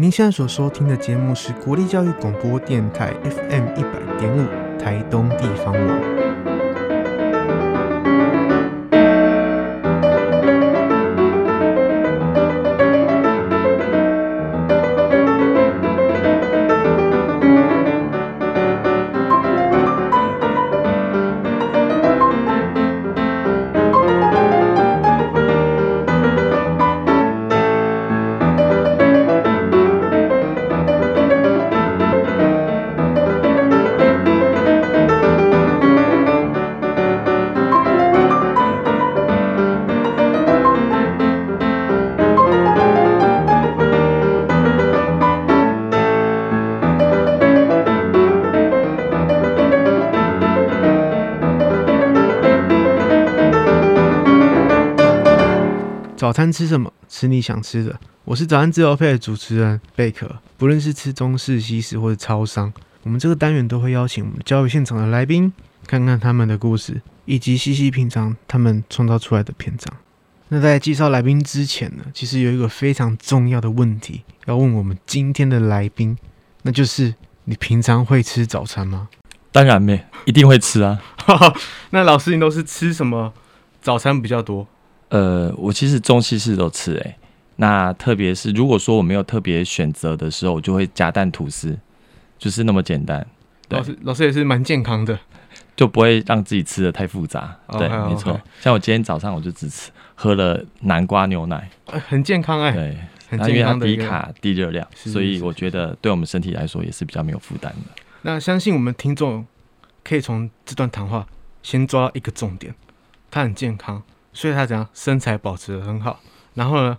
您現在所收聽的節目是國立教育廣播電臺 FM 一百點五臺東地方網。早餐吃什麼？吃你想吃的。我是早餐自由派的主持人貝殼。不論是吃中式、西式或者超商，我們這個單元都會邀請我們教育現場的來賓，看看他們的故事，以及細細品嘗他們創造出來的篇章。那在介紹來賓之前呢，其實有一個非常重要的問題要問我們今天的來賓，那就是你平常會吃早餐嗎？當然沒，一定會吃啊。 那老師你都是吃什麼早餐比較多？呃，我其實中西式都吃哎、欸，那特別是如果說我沒有特別選擇的時候，我就會夾蛋吐司，就是那麼簡單。對老師老師也是蠻健康的，就不會讓自己吃的太複雜。 對，沒錯。像我今天早上我就只吃喝了南瓜牛奶，很健康哎。對，很健康、欸、對很健康的啊、低卡低熱量，是是是，所以我覺得對我們身體來說也是比較沒有負擔的。那相信我們聽眾可以從這段談話先抓一個重點，它很健康。所以他怎樣身材保持得很好，然後呢，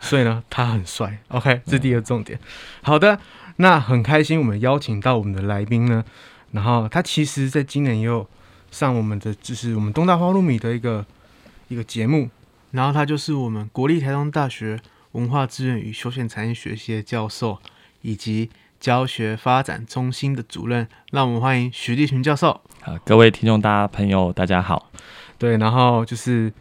所以呢他很帥。OK，、嗯、這是第二個重點。好的，那很開心我們邀請到我們的來賓呢，然後他其實在今年也有上我們的就是我們東大花露米的一個一個節目，然後他就是我們國立台東大學文化資源與休閒產業學系的教授以及教學發展中心的主任，讓我們歡迎許立群教授。啊、呃，各位聽眾大家朋友大家好。對，然後就是。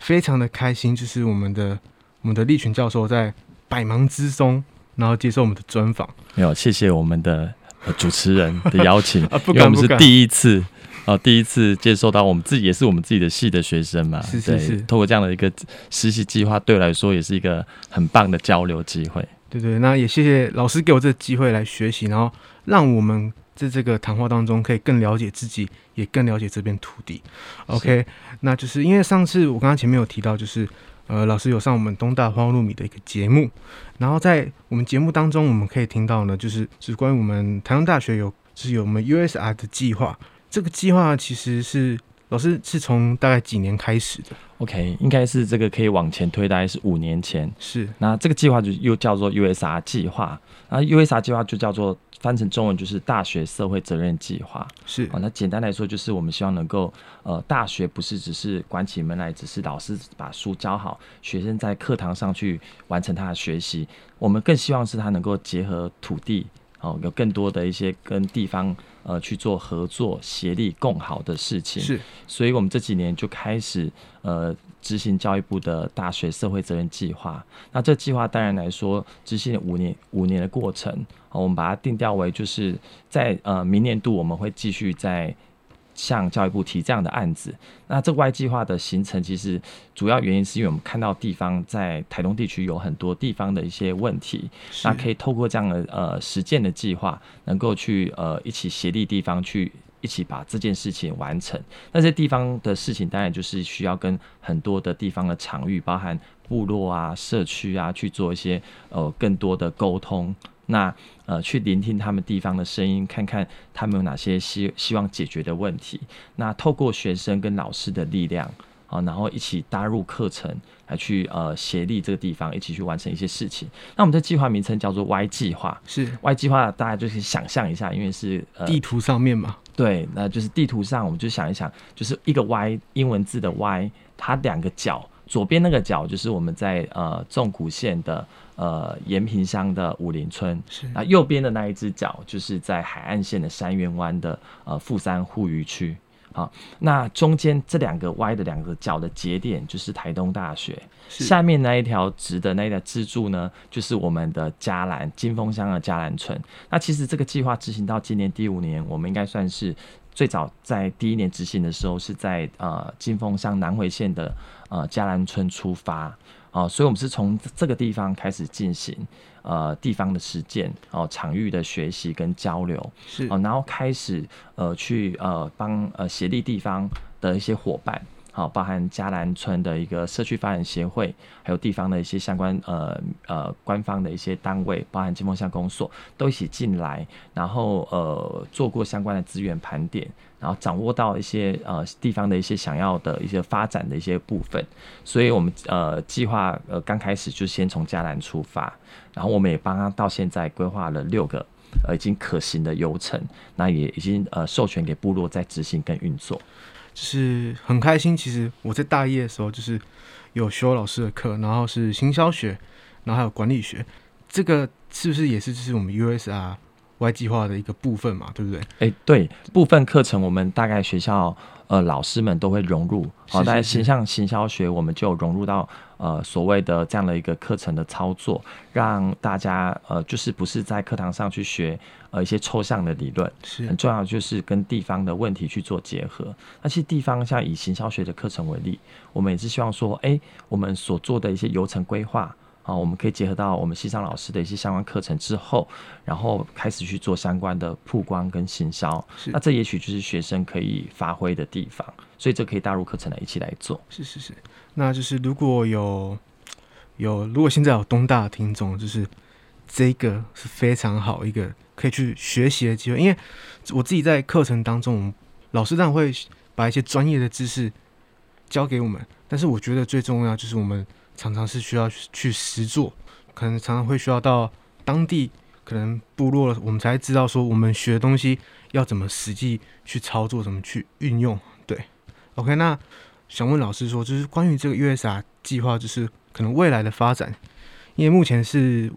非常的開心，就是我們的我們的立群教授在百忙之中，然後接受我們的專訪。沒有，謝謝我們的、呃、主持人的邀請， 啊、因為我們是第一次，哦敢、呃，第一次接受到我們自己也是我們自己的系的學生嘛。是是是，透過這樣的一個實習計劃，對我來說也是一個很棒的交流機會。 對，對對，那也謝謝老師給我這個機會來學習，然後讓我們。在這個談話當中，可以更了解自己，也更了解這片土地。OK，是那就是因為上次我剛剛前面有提到，就是呃，老師有上我們東大花路米的一個節目，然後在我們節目當中，我們可以聽到呢，就是是關於我們台東大學有，就是有我們 USR 的計劃。這個計劃其實是。老師是從大概幾年開始的？OK，應該是這個可以往前推，大概是五年前。是，那這個計劃就又叫做 USR 計劃，那 USR 計劃就叫做翻成中文就是大學社會責任計劃。是、哦，那簡單來說就是我們希望能夠，呃，大學不是只是關起門來，只是老師把書教好，學生在課堂上去完成他的學習。我們更希望是他能夠結合土地，哦，有更多的一些跟地方，呃，去做合作、協力、共好的事情，是，所以我們這幾年就開始呃執行教育部的大學社會責任計劃。那這計劃當然來說執行五年，五年的過程，呃，我們把它定調為就是在呃明年度我們會繼續在。向教育部提這樣的案子，那這外計劃的形成，其實主要原因是因為我們看到地方在台東地區有很多地方的一些問題，是那可以透過這樣的呃實踐的計劃，能夠去呃一起協力地方去一起把這件事情完成。那這地方的事情，當然就是需要跟很多的地方的場域，包含部落啊、社區啊，去做一些呃更多的溝通。那呃，去聆聽他們地方的聲音，看看他們有哪些希希望解決的問題。那透過學生跟老師的力量，啊、呃，然後一起搭入課程，來去呃協力這個地方，一起去完成一些事情。那我們的計劃名稱叫做 Y 計劃，是 Y 計劃，大家就可以想象一下，因為是、呃、地圖上面嘛，對，那就是地圖上，我們就想一想，就是一個 Y 英文字的 Y，它兩個角，左邊那個角就是我們在呃縱谷線的。呃，延平鄉的武陵村，啊是，右邊的那一隻腳就是在海岸線的杉原灣的呃富山護漁區，好、啊，那中間這兩個歪的兩個角的節點就是台東大學，是下面那一條直的那一條支柱呢，就是我們的嘉蘭金峰鄉的嘉蘭村。那其實這個計劃執行到今年第五年，我們應該算是最早在第一年執行的時候是在呃金峰鄉南迴線的呃嘉蘭村出發。啊，所以我們是從這個地方開始進行呃地方的實踐哦、啊，場域的學習跟交流是哦、啊，然後開始呃去呃幫呃協力地方的一些夥伴。好，包含嘉蘭村的一個社區發展協會，還有地方的一些相關呃呃官方的一些單位，包含金峰鄉公所，都一起進來，然後呃做過相關的資源盤點，然後掌握到一些呃地方的一些想要的一些發展的一些部分，所以我們呃計劃呃剛開始就先從嘉蘭出發，然後我們也幫他到現在規劃了六個呃已經可行的遊程，那也已經呃授權給部落在執行跟運作。是很開心。其實我在大一的時候，就是有修老師的課，然後是行銷學，然後還有管理學。這個是不是也是就是我們 USR？外計劃的一個部分嘛，對不對？誒、欸，對，部分課程我們大概學校呃老師們都會融入，好大形象行銷學，我們就融入到呃所謂的這樣的一個課程的操作，讓大家呃就是不是在課堂上去學呃一些抽象的理論，是很重要，就是跟地方的問題去做結合。那其實地方像以行銷學的課程為例，我們也是希望說，哎、欸，我們所做的一些流程規劃。啊，我們可以結合到我們西商老師的一些相關課程之後，然後開始去做相關的曝光跟行銷。是那這也許就是學生可以發揮的地方，所以這可以納入課程來一起來做。是是是，那就是如果有有如果現在有東大的聽眾，就是這個是非常好一個可以去學習的機會，因為我自己在課程當中，老師當然會把一些專業的知識教給我們，但是我覺得最重要就是我們。常常是需要去實做，可能常常會需要到當地，可能部落，我們才知道說我們學的東西要怎麼實際去操作，怎麼去運用。對，OK，那想問老師說，就是關於這個 USR 計劃，就是可能未來的發展，因為目前是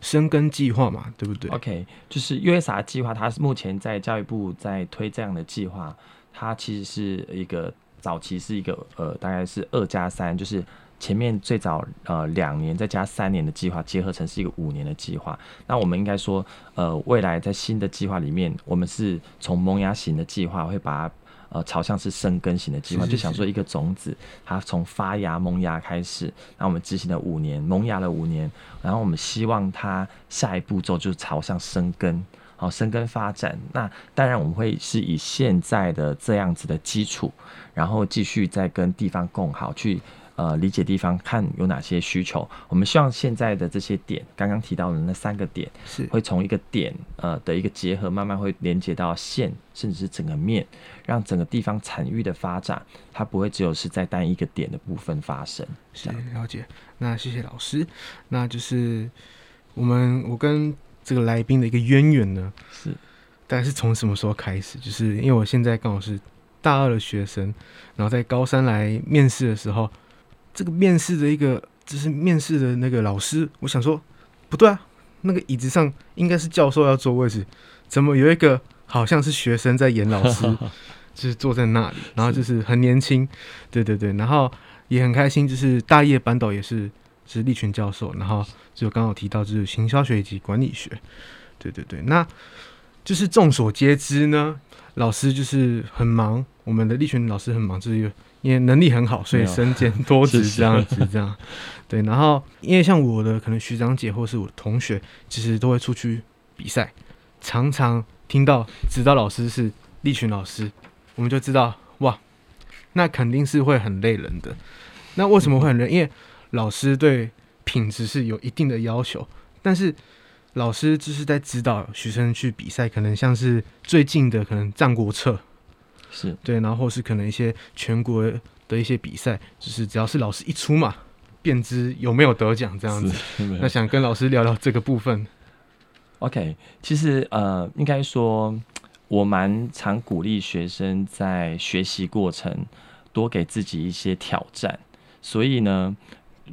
深耕計劃嘛，對不對？OK，就是 USR 計劃，它是目前在教育部在推這樣的計劃，它其實是一個早期是一個呃，大概是二加三，3, 就是。前面最早呃兩年再加三年的計劃結合成是一個五年的計劃，那我們應該說呃未來在新的計劃裡面，我們是從萌芽型的計劃會把它呃朝向是生根型的計劃，是是是就想做一個種子，它從發芽萌芽開始，那我們執行了五年，萌芽了五年，然後我們希望它下一步驟就是朝向生根，好，生根發展。那當然我們會是以現在的這樣子的基礎，然後繼續再跟地方共好去。呃，理解地方看有哪些需求。我們希望現在的這些點，剛剛提到的那三個點，是會從一個點呃的一個結合，慢慢會連接到線，甚至是整個面，讓整個地方產業的發展，它不會只有是在單一個點的部分發生。想了解。那謝謝老師。那就是我們我跟這個來賓的一個淵源呢，是大概是從什麼時候開始？就是因為我現在剛好是大二的學生，然後在高三來面試的時候。這個面試的一個就是面試的那個老師，我想說不對啊，那個椅子上應該是教授要坐位置，怎麼有一個好像是學生在演老師， 就是坐在那裡，然後就是很年輕，是對對對，然後也很開心，就是大業班導也是是立群教授，然後就剛好提到就是行銷學以及管理學，對對對，那就是眾所皆知呢，老師就是很忙，我們的立群老師很忙，就是。因為能力很好，所以身兼多職這，這樣子，這樣對。然後，因為像我的可能學長姐或是我同學，其實都會出去比賽，常常聽到指導老師是立群老師，我們就知道哇，那肯定是會很累人的。那為什麼會很累？嗯、因為老師對品質是有一定的要求，但是老師就是在指導學生去比賽，可能像是最近的可能《戰國策》。是對，然後是可能一些全國的一些比賽，就是只要是老師一出馬，便知有沒有得獎這樣子。是那想跟老師聊聊這個部分。OK，其實呃，應該說我蠻常鼓勵學生在學習過程多給自己一些挑戰。所以呢，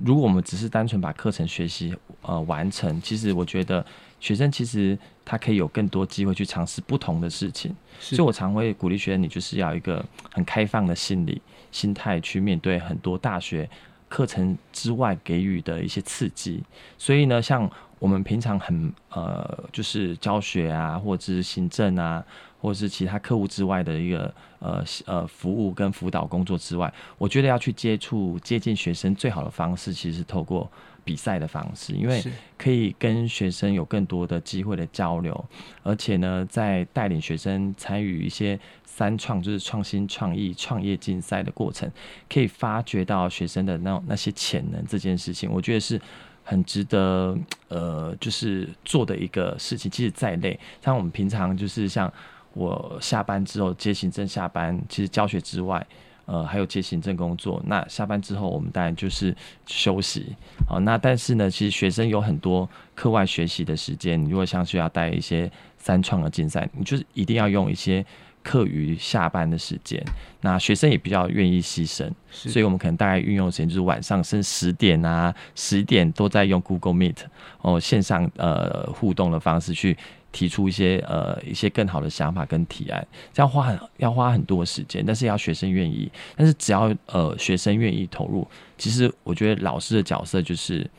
如果我們只是單純把課程學習呃完成，其實我覺得。學生其實他可以有更多機會去嘗試不同的事情，是的。所以我常會鼓勵學生，你就是要一個很開放的心理心態去面對很多大學課程之外給予的一些刺激。所以呢，像我們平常很呃，就是教學啊，或者是行政啊，或者是其他課務之外的一個呃呃服務跟輔導工作之外，我覺得要去接觸接近學生最好的方式，其實是透過。比賽的方式，因為可以跟學生有更多的機會的交流，是而且呢，在帶領學生參與一些三創，就是創新、創意、創業競賽的過程，可以發掘到學生的那那些潛能。這件事情，我覺得是很值得，呃，就是做的一個事情。即使再累，像我們平常就是像我下班之後接行政下班，其實教學之外。呃，還有接行政工作，那下班之後我們當然就是休息。好，那但是呢，其實學生有很多課外學習的時間。你如果像是要帶一些三創的競賽，你就是一定要用一些課餘下班的時間。那學生也比較願意犧牲，是所以我們可能大概運用的時間就是晚上甚至十點啊，十點都在用 Google Meet 哦，線上呃互動的方式去。提出一些呃一些更好的想法跟提案，要花很要花很多時間，但是要學生願意，但是只要呃學生願意投入，其實我覺得老師的角色就是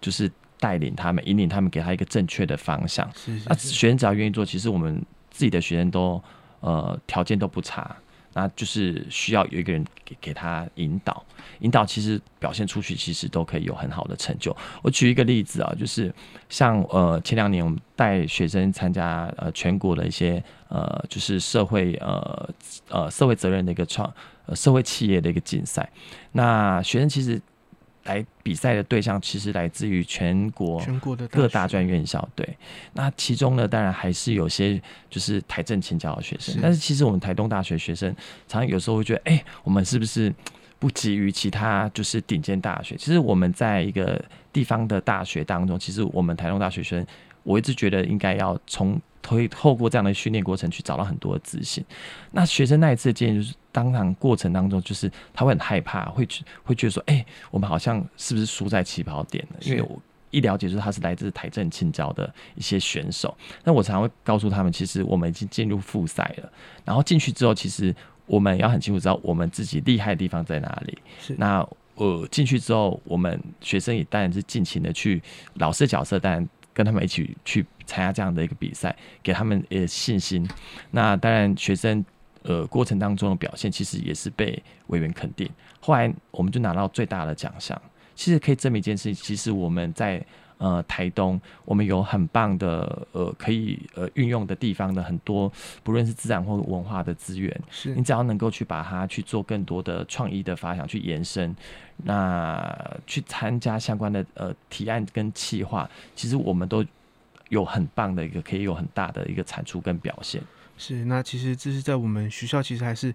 就是帶領他們，引領他們，給他一個正確的方向。那，啊，學生只要願意做，其實我們自己的學生都呃條件都不差。那就是需要有一個人給給他引導，引導其實表現出去，其實都可以有很好的成就。我舉一個例子啊，就是像呃前兩年我們帶學生參加呃全國的一些呃就是社會呃呃社會責任的一個創、呃、社會企業的一個競賽，那學生其實。來比賽的對象其實來自於全國全國的各大專院校，對。那其中呢，當然還是有些就是台政清交的學生，是但是其實我們台東大學學生，常常有時候會覺得，哎、欸，我們是不是不及於其他就是頂尖大學？其實我們在一個地方的大學當中，其實我們台東大學學生，我一直覺得應該要從推透過這樣的訓練過程，去找到很多自信。那學生那一次建議就是。當然，過程當中就是他會很害怕，會去會覺得說：“哎、欸，我們好像是不是輸在起跑點了？”是因為我一了解，就是他是來自台清交的一些選手，那我常常會告訴他們，其實我們已經進入複賽了。然後進去之後，其實我們也要很清楚知道我們自己厲害的地方在哪裡。是那我進、呃、去之後，我們學生也當然是盡情的去，老師的角色當然跟他們一起去參加這樣的一個比賽，給他們也信心。那當然學生。呃，過程當中的表現其實也是被委員肯定。後來我們就拿到最大的獎項，其實可以證明一件事情。其實我們在呃台東，我們有很棒的呃可以呃運用的地方的很多，不論是自然或文化的資源，是你只要能夠去把它去做更多的創意的發想去延伸，那去參加相關的呃提案跟企劃，其實我們都有很棒的一個可以有很大的一個產出跟表現。是，那其實這是在我們學校，其實還是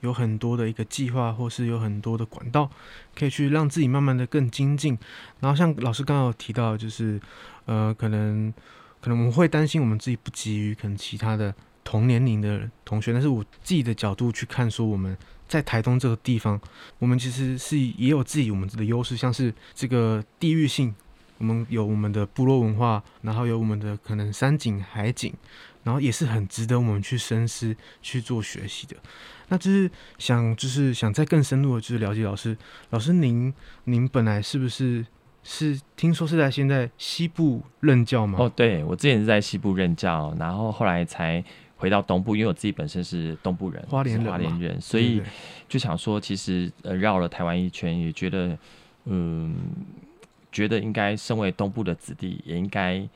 有很多的一個計劃，或是有很多的管道，可以去讓自己慢慢的更精進。然後像老師剛剛有提到，就是呃，可能可能我們會擔心我們自己不及於可能其他的同年齡的同學，但是我自己的角度去看，說我們在台東這個地方，我們其實是也有自己我們的優勢，像是這個地域性，我們有我們的部落文化，然後有我們的可能山景海景。然後也是很值得我們去深思，去做學習的。那就是想，就是想再更深入的，就是了解老師。老師您，您您本來是不是是聽說是在現在西部任教嗎？哦，對，我之前是在西部任教，然後後來才回到東部，因為我自己本身是東部人，花蓮人嘛，花蓮人，所以就想說，其實呃繞了台灣一圈，也覺得嗯，覺得應該身為東部的子弟，也應該。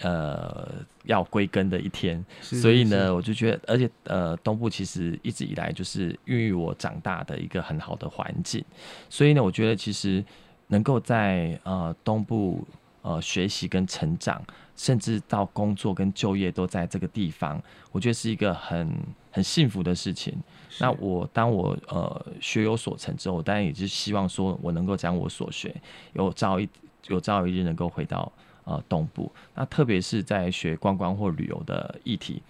呃，要歸根的一天，是是是，所以呢，我就覺得，而且呃，東部其實一直以來就是孕育我長大的一個很好的環境，所以呢，我覺得其實能夠在呃東部呃學習跟成長，甚至到工作跟就業都在這個地方，我覺得是一個很很幸福的事情。是，那我當我呃學有所成之後，我當然也是希望說我能夠將我所學有朝一有朝一日能夠回到。呃，東部那特別是在學觀光或旅遊的議題，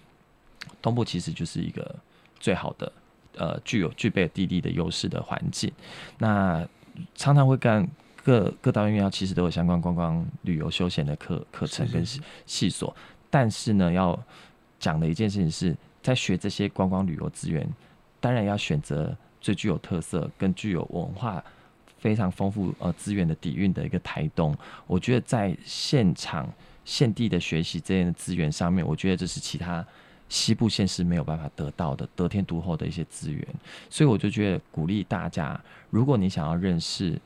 東部其實就是一個最好的，呃，具有具備地利的優勢的環境。那常常會跟各各大院校其實都有相關觀光旅遊休閒的課課程跟系系所。但是呢，要講的一件事情是，在學這些觀光旅遊資源，當然要選擇最具有特色、更具有文化。非常豐富呃資源的底蘊的一個台東，我覺得在現場現地的學習這些資源上面，我覺得這是其他西部縣市沒有辦法得到的，得天獨厚的一些資源。所以我就覺得鼓勵大家，如果你想要認識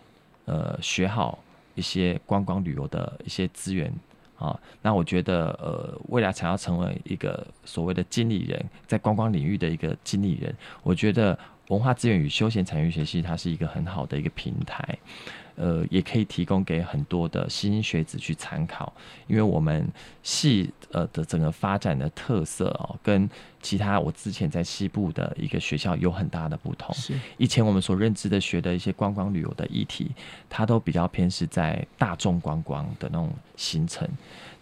呃學好一些觀光旅遊的一些資源啊，那我覺得呃未來想要成為一個所謂的經理人，在觀光領域的一個經理人，我覺得。文化資源與休閒產業學系，它是一個很好的一個平台，呃，也可以提供給很多的新學子去參考。因為我們系呃的整個發展的特色哦，跟其他我之前在西部的一個學校有很大的不同。是以前我們所認知的學的一些觀光旅遊的議題，它都比較偏是在大眾觀光的那種行程。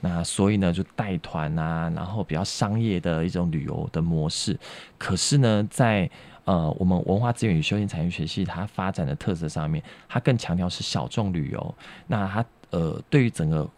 那所以呢，就帶團啊，然後比較商業的一種旅遊的模式。可是呢，在呃，我們文化資源與休閒產業學系，它發展的特色上面，它更強調是小眾旅遊。那它呃，對於整個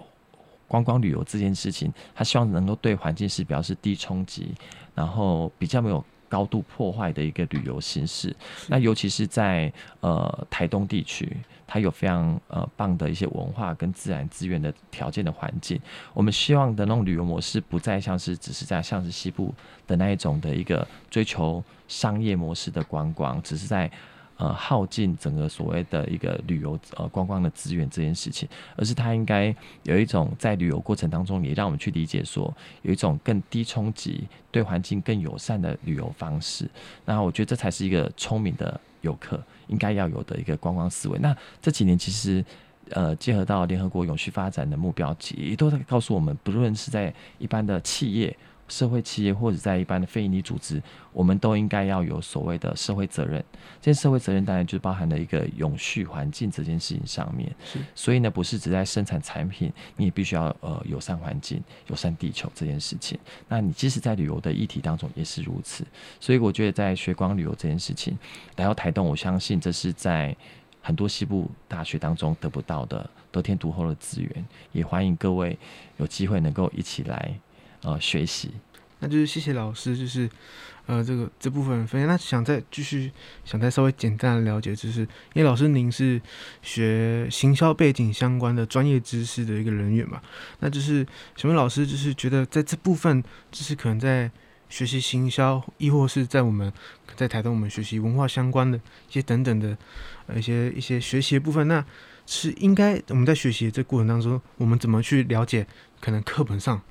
觀光旅遊這件事情，它希望能夠對環境是比較低衝擊，然後比較沒有。高度破壞的一個旅遊形式，那尤其是在呃台東地區，它有非常呃棒的一些文化跟自然資源的條件的環境。我們希望的那種旅遊模式，不再像是只是在像是西部的那一種的一個追求商業模式的觀光，只是在。呃，耗盡整個所謂的一個旅遊呃觀光的資源這件事情，而是它應該有一種在旅遊過程當中也讓我們去理解說，有一種更低衝擊、對環境更友善的旅遊方式。那我覺得這才是一個聰明的遊客應該要有的一個觀光思維。那這幾年其實，呃，結合到聯合國永續發展的目標，也都在告訴我們，不論是在一般的企業。社會企業或者在一般的非營利組織，我們都應該要有所謂的社會責任。這些社會責任當然就是包含了一個永續環境這件事情上面。是所以呢，不是只在生產產品，你也必須要呃友善環境、友善地球這件事情。那你即使在旅遊的議題當中也是如此。所以我覺得在學光旅遊這件事情，來到台東，我相信這是在很多西部大學當中得不到的、得天獨厚的資源。也歡迎各位有機會能夠一起來呃學習。那就是謝謝老師，就是，呃，這個這部分分享，那想再繼續，想再稍微簡單的了解，就是因為老師您是學行銷背景相關的專業知識的一個人員嘛，那就是請問老師，就是覺得在這部分，就是可能在學習行銷，亦或是在我們，在台東我們學習文化相關的一些等等的，呃，一些一些學習的部分，那是應該我們在學習這過程當中，我們怎麼去了解可能課本上。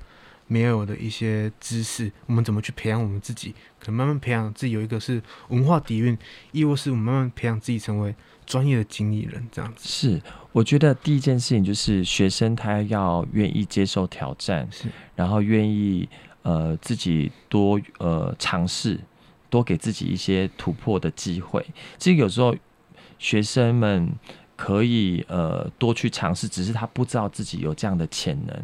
沒有的一些知識，我們怎麼去培養我們自己？可能慢慢培養自己，有一個是文化底蘊，亦或是我們慢慢培養自己成為專業的經理人這樣子。是，我覺得第一件事情就是學生他要願意接受挑戰，是然後願意呃自己多呃嘗試，多給自己一些突破的機會。其實有時候學生們可以呃多去嘗試，只是他不知道自己有這樣的潛能。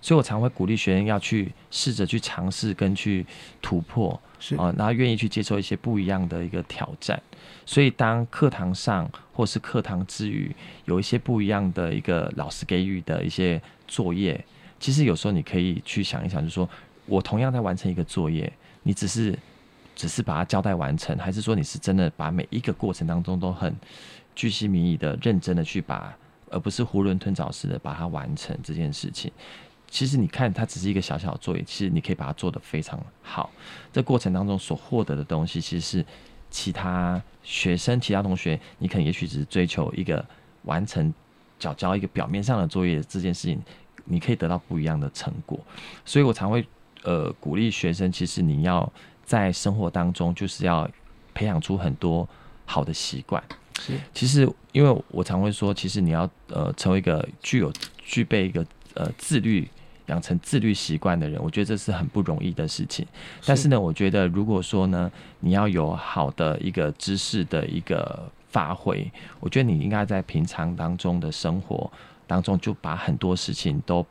所以，我常會鼓勵學生要去試着去嘗試跟去突破，啊是，然後願意去接受一些不一樣的一個挑戰。所以，當課堂上或是課堂之餘，有一些不一樣的一個老師給予的一些作業，其實有時候你可以去想一想，就是說，我同樣在完成一個作業，你只是只是把它交代完成，還是說你是真的把每一個過程當中都很巨細靡遺的、認真的去把，而不是囫圇吞棗似的把它完成這件事情。其實你看，它只是一個小小的作業，其實你可以把它做得非常好。這過程當中所獲得的東西，其實是其他學生、其他同學，你可能也許只是追求一個完成、繳交一個表面上的作業這件事情，你可以得到不一樣的成果。所以我常會呃鼓勵學生，其實你要在生活當中，就是要培養出很多好的習慣。是其實因為我常會說，其實你要呃成為一個具有具備一個呃自律。養成自律習慣的人，我覺得這是很不容易的事情。是。但是呢，我覺得如果說呢，你要有好的一個知識的一個發揮，我覺得你應該在平常當中的生活當中，就把很多事情都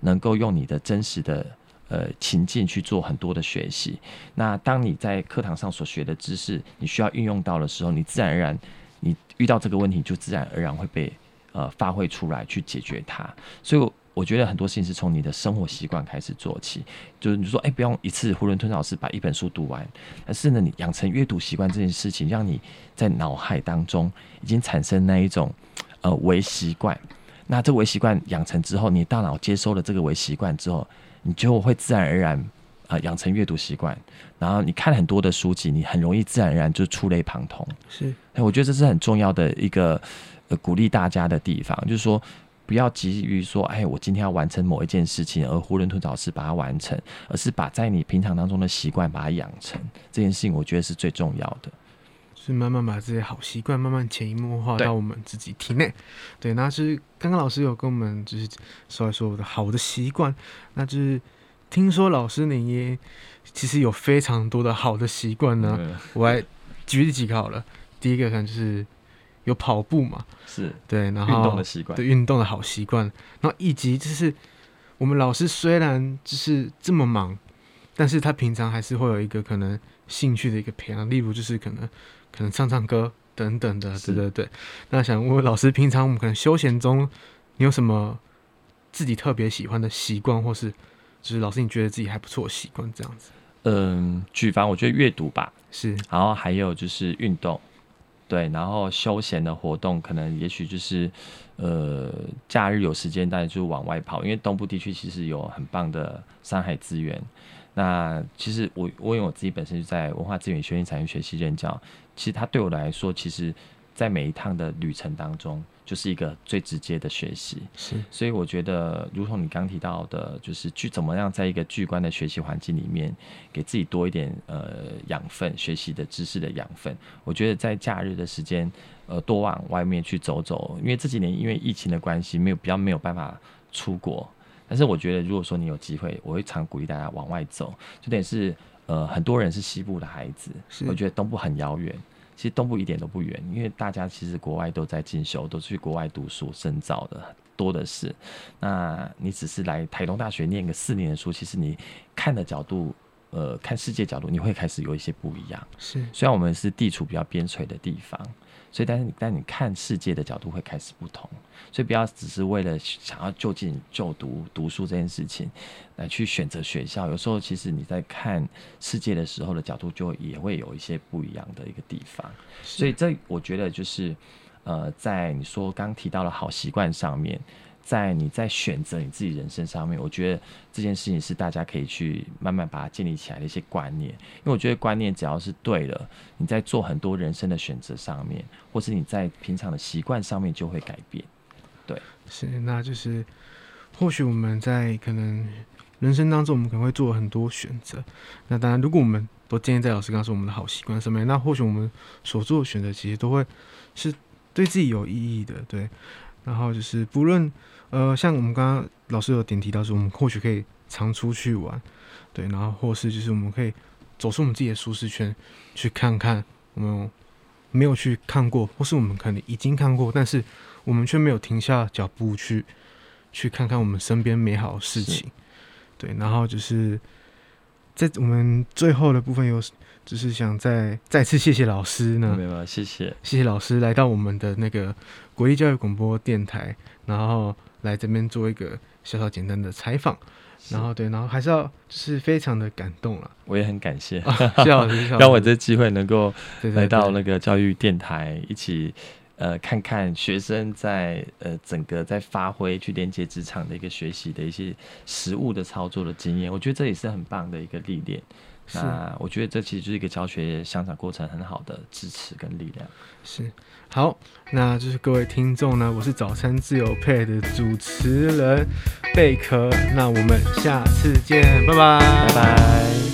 能夠用你的真實的呃情境去做很多的學習。那當你在課堂上所學的知識，你需要運用到的時候，你自然而然，你遇到這個問題就自然而然會被呃發揮出來去解決它。所以我我覺得很多事情是從你的生活習慣開始做起，就是你說，哎、欸，不用一次囫圇吞棗是把一本書讀完，但是呢，你養成閱讀習慣這件事情，讓你在腦海當中已經產生那一種呃微習慣，那這微習慣養成之後，你大腦接收了這個微習慣之後，你就會自然而然啊呃、養成閱讀習慣，然後你看很多的書籍，你很容易自然而然就觸類旁通。是，那我覺得這是很重要的一個呃鼓勵大家的地方，就是說。不要急於說，哎，我今天要完成某一件事情而囫圇吞棗是把它完成，而是把在你平常當中的習慣把它養成。這件事情我覺得是最重要的，是慢慢把這些好習慣慢慢潛移默化到我們自己體內。對，對，那是剛剛老師有跟我們就是說一說我的好的習慣，那就是聽說老師您也其實有非常多的好的習慣呢， 我還舉幾個好了，第一個可能就是。有跑步嘛？是對，然後運動的習慣，對運動的好習慣。然後以及就是，我們老師雖然就是這麼忙，但是他平常還是會有一個可能興趣的一個培養，例如就是可能可能唱唱歌等等的。對對對。是。那想問老師，平常我們可能休閒中，你有什麼自己特別喜歡的習慣，或是就是老師你覺得自己還不錯的習慣這樣子？嗯，舉凡我覺得閱讀吧，是，然後還有就是運動。對，然後休閒的活動可能也許就是，呃，假日有時間大家就往外跑，因為東部地區其實有很棒的山海資源。那其實我我因為我自己本身就在文化資源、休閒產業學系任教，其實它對我來說，其實，在每一趟的旅程當中。就是一個最直接的學習，是，所以我覺得，如同你剛提到的，就是去怎麼樣在一個巨觀的學習環境裡面，給自己多一點呃養分，學習的知識的養分。我覺得在假日的時間，呃，多往外面去走走，因為這幾年因為疫情的關係，沒有比較沒有辦法出國，但是我覺得如果說你有機會，我會常鼓勵大家往外走，這點是呃，很多人是西部的孩子，是，我覺得東部很遙遠。其實東部一點都不遠，因為大家其實國外都在進修，都去國外讀書深造的多的是。那你只是來台東大學念個四年的書，其實你看的角度。呃，看世界角度，你會開始有一些不一樣。是，雖然我們是地處比較邊陲的地方，所以但是你但你看世界的角度會開始不同。所以不要只是為了想要就近就讀讀書這件事情來去選擇學校。有時候其實你在看世界的時候的角度，就也會有一些不一樣的一個地方。是所以這我覺得就是，呃，在你說剛提到了好習慣上面。在你在選擇你自己人生上面，我覺得這件事情是大家可以去慢慢把它建立起來的一些觀念。因為我覺得觀念只要是對了，你在做很多人生的選擇上面，或是你在平常的習慣上面就會改變。對，是，那就是或許我們在可能人生當中，我們可能會做很多選擇。那當然，如果我們都建立在老師剛說我們的好習慣上面，那或許我們所做的選擇其實都會是對自己有意義的。對。然後就是，不論呃，像我們剛剛老師有點提到說，我們或許可以常出去玩，對，然後或是就是我們可以走出我們自己的舒適圈，去看看我們沒有去看過，或是我們可能已經看過，但是我們卻沒有停下腳步去去看看我們身邊美好的事情，是對。然後就是在我們最後的部分有。就是想再再次謝謝老師呢，沒有，謝謝謝謝老師來到我們的那個國立教育廣播電台，然後來這邊做一個小小簡單的採訪，是然後對，然後還是要就是非常的感動了，我也很感謝，啊、謝謝老師,謝謝老師讓我這機會能夠來到那個教育電台一起對對對對呃看看學生在呃整個在發揮去連接職場的一個學習的一些實務的操作的經驗，我覺得這也是很棒的一個歷練。那我覺得這其實就是一個教學相長過程很好的支持跟力量。是，好，那就是各位聽眾呢，我是早餐自由配的主持人貝殼，那我們下次見，拜拜，拜拜。